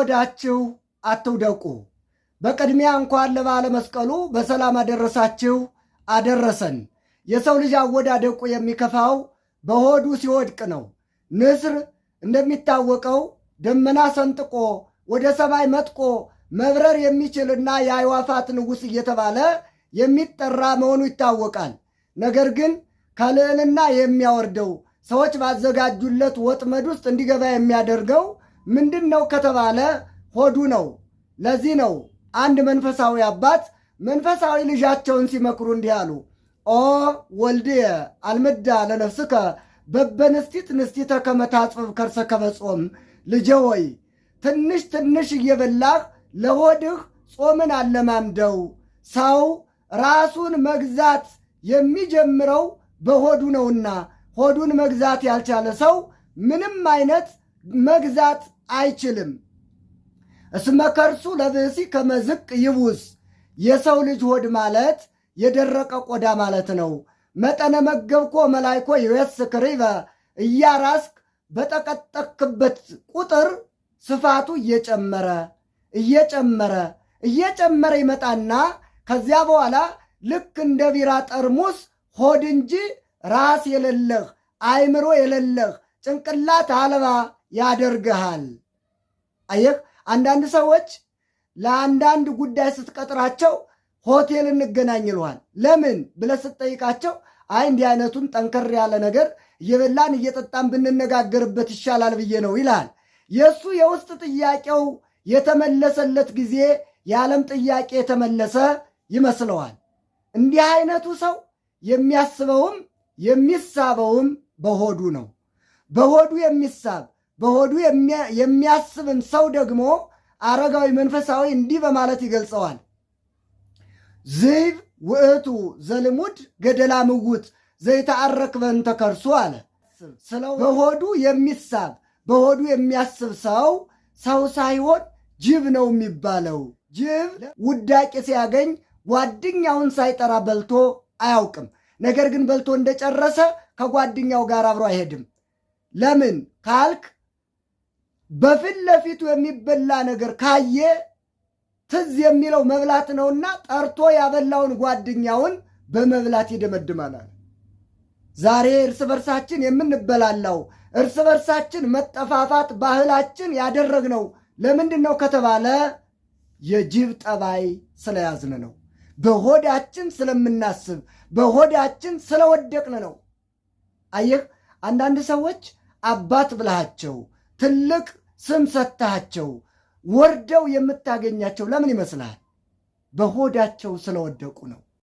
በሆዳችሁ አትውደቁ። በቅድሚያ እንኳን ለበዓለ መስቀሉ በሰላም አደረሳችሁ አደረሰን። የሰው ልጅ አወዳደቁ የሚከፋው በሆዱ ሲወድቅ ነው። ንስር እንደሚታወቀው ደመና ሰንጥቆ ወደ ሰማይ መጥቆ መብረር የሚችልና የአዕዋፋት ንጉሥ እየተባለ የሚጠራ መሆኑ ይታወቃል። ነገር ግን ከልዕልና የሚያወርደው ሰዎች ባዘጋጁለት ወጥመድ ውስጥ እንዲገባ የሚያደርገው ምንድን ነው ከተባለ ሆዱ ነው። ለዚህ ነው አንድ መንፈሳዊ አባት መንፈሳዊ ልጃቸውን ሲመክሩ እንዲህ አሉ። ኦ ወልድየ አልምዳ ለነፍስከ በበንስቲት ንስቲተ ከመታጽብ ከርሰ ከበጾም ልጄ ሆይ ትንሽ ትንሽ እየበላህ ለሆድህ ጾምን አለማምደው። ሰው ራሱን መግዛት የሚጀምረው በሆዱ ነውና ሆዱን መግዛት ያልቻለ ሰው ምንም አይነት መግዛት አይችልም። እስመ ከርሱ ለብእሲ ከመዝቅ ይቡስ የሰው ልጅ ሆድ ማለት የደረቀ ቆዳ ማለት ነው። መጠነ መገብኮ መላይኮ ይዌስ ክሪበ እያራስክ በጠቀጠክበት ቁጥር ስፋቱ እየጨመረ እየጨመረ እየጨመረ ይመጣና ከዚያ በኋላ ልክ እንደ ቢራ ጠርሙስ ሆድ እንጂ ራስ የሌለህ፣ አይምሮ የሌለህ፣ ጭንቅላት አልባ ያደርግሃል። አየህ፣ አንዳንድ ሰዎች ለአንዳንድ ጉዳይ ስትቀጥራቸው ሆቴል እንገናኝ ይልሃል። ለምን ብለህ ስትጠይቃቸው አይ እንዲህ አይነቱን ጠንከር ያለ ነገር እየበላን እየጠጣን ብንነጋገርበት ይሻላል ብዬ ነው ይልሃል። የእሱ የውስጥ ጥያቄው የተመለሰለት ጊዜ የዓለም ጥያቄ የተመለሰ ይመስለዋል። እንዲህ አይነቱ ሰው የሚያስበውም የሚሳበውም በሆዱ ነው። በሆዱ የሚሳብ በሆዱ የሚያስብን ሰው ደግሞ አረጋዊ መንፈሳዊ እንዲህ በማለት ይገልጸዋል። ዝይብ ውእቱ ዘልሙድ ገደላ ምውት ዘይተአረክ በእንተ ከርሱ አለ። በሆዱ የሚሳብ በሆዱ የሚያስብ ሰው ሰው ሳይሆን ጅብ ነው የሚባለው። ጅብ ውዳቂ ሲያገኝ ጓደኛውን ሳይጠራ በልቶ አያውቅም። ነገር ግን በልቶ እንደጨረሰ ከጓደኛው ጋር አብሮ አይሄድም። ለምን ካልክ በፊት ለፊቱ የሚበላ ነገር ካየ ትዝ የሚለው መብላት ነውና ጠርቶ ያበላውን ጓደኛውን በመብላት ይደመድመናል። ዛሬ እርስ በርሳችን የምንበላላው እርስ በርሳችን መጠፋፋት ባህላችን ያደረግነው ለምንድን ነው ከተባለ የጅብ ጠባይ ስለያዝን ነው። በሆዳችን ስለምናስብ፣ በሆዳችን ስለወደቅን ነው። አየህ አንዳንድ ሰዎች አባት ብልሃቸው ትልቅ ስም ሰጥተሃቸው ወርደው የምታገኛቸው ለምን ይመስልሃል? በሆዳቸው ስለወደቁ ነው።